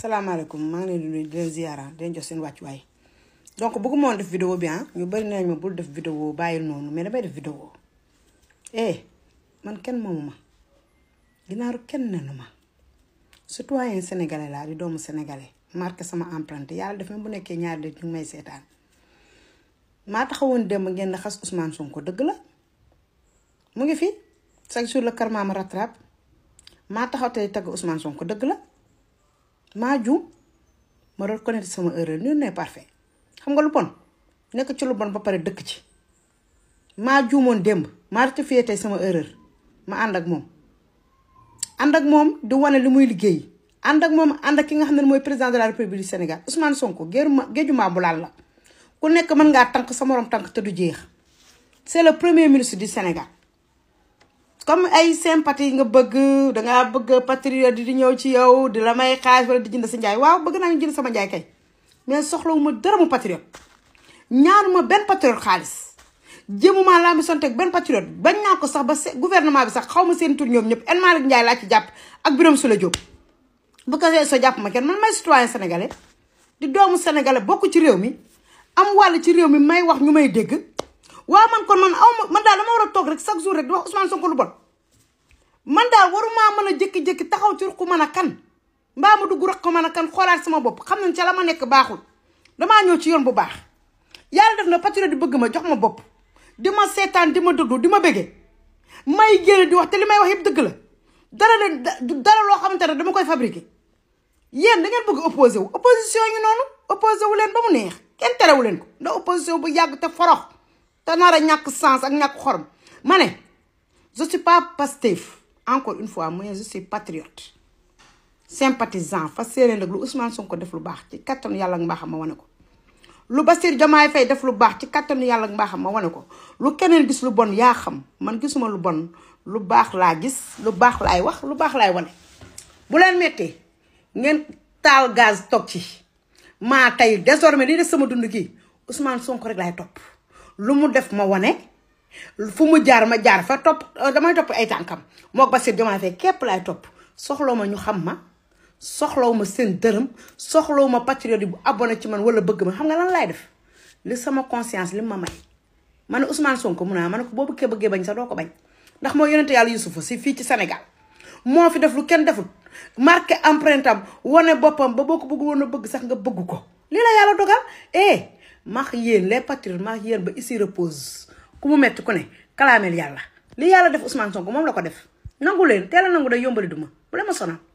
salaamaaleykum maa ngi leen di leen ziara di leen jox seen wàccuwaay donc bëgguma woon def vidéo bi ah ñu bari nañ ma bul def vidéo bàyyil noonu mais damay def vidéo eh man kenn moomu ma ginaaru kenn nenu ma citoyen sénégalais laa di doomu sénégalais marqué sama empreinte yàlla def même bu nekkee ñaari nit ñu may seetaan maa taxawoon démb ngeen di xas Ousmane Sonko dëgg la mu ngi fi chaque jour le karma ma maa taxaw tey tagg Ousmane Sonko dëgg la. maa juum ma reconnaître sama erreur nul n'est parfait xam nga lu bon nekk ci lu bon ba pare dëkk ci maa juumoon démb maa rectifié tey sama erreur ma ànd ak moom ànd ak moom du wane li muy liggéey ànd ak moom ànd ki nga xam ne mooy président de la république du Sénégal Ousmane Sonko géeju ma géeju maa bu laal la ku nekk mën ngaa tànk sama room tànk te du jeex c'est le premier ministre du Sénégal comme ay sympathie nga bëgg dangaa bëgg patriote di ñëw ci yow di la may xaalis wala di jënd si njaay waaw bëgg naa ñu jënd sama njaay kay mais soxlawuma dara mu ñaanu ma benn patriote xaalis jëmuma laa mi sonteeg benn patriote bañ naa ko sax ba gouvernement bi sax xaw ma seen tur ñoom ñëpp El Malick Ndiaye laa ci jàpp ak su Souleye Diop bu ko soo jàpp ma kenn man may citoyen sénégalais di doomu sénégalais bokk ci réew mi am wàll ci réew mi may wax ñu may dégg waaw man kon man aw ma man daal dama war a toog rek chaque jour rek di wax Ousmane Sonko lu bon man daal waruma mën a jékki-jékki taxaw ci ruq mën a kan mbaa ma dugg ruq mën a kan xoolaat sama bopp xam nañ ca la ma nekk baaxul damaa ñëw ci yoon bu baax yàlla def na patriote di bëgg ma jox bopp di ma seetaan di ma déglu di ma bëggee may génn di wax te li may wax yëpp dëgg la dara de dara loo xamante ne dama koy fabriqué yéen da ngeen bëgg opposé wu opposition yi noonu opposé wu leen ba mu neex kenn terewu leen ko ndax opposition bu yàgg te forox te nar a ñàkk sens ak ñàkk xorom ma ne je suis pas Pastef encore une fois mais je suis patriote sympathisant fa séeréer nag lu Ousmane Sonko def lu baax ci kattanu yàlla ak mbaaxam ma wane ko lu Bassirou Diomaye Faye def lu baax ci kattanu yàlla ak mbaaxam ma wane ko lu keneen gis lu bon yaa xam man gisuma lu bon lu baax laa gis lu baax laay wax lu baax laay wane bu leen méttee ngeen taal gaz toog ci maa tey désormais lii de sama dund gi Ousmane Sonko rek laay topp lu mu def ma wane fu mu jaar ma jaar fa topp euh, damay topp ay tànkam moo Bassirou Diomaye Faye képp laay topp soxlaw ma ñu xam ma soxlaw ma seen dërëm soxlaw ma patriote bu abonné ci man wala bëgg ma xam nga lan laay def li sama conscience li ma may ma ne Ousmane Sonko mun naa ma ne ko boo bëggee bëggee bañ sax doo ko bañ ndax moo yonente yàlla Yusufa si fii ci Sénégal moo fi def lu kenn deful marqué empreinte am wane boppam ba boo ko bëgg woon a bëgg sax nga bëgg ko max yéen le patriotes max yéen ba ici repose ku mu metti ku ne kalaameel yàlla li yàlla def Ousmane Sonko moom la ko def nangu leen teel a nangu day yombali duma bu leen ma sona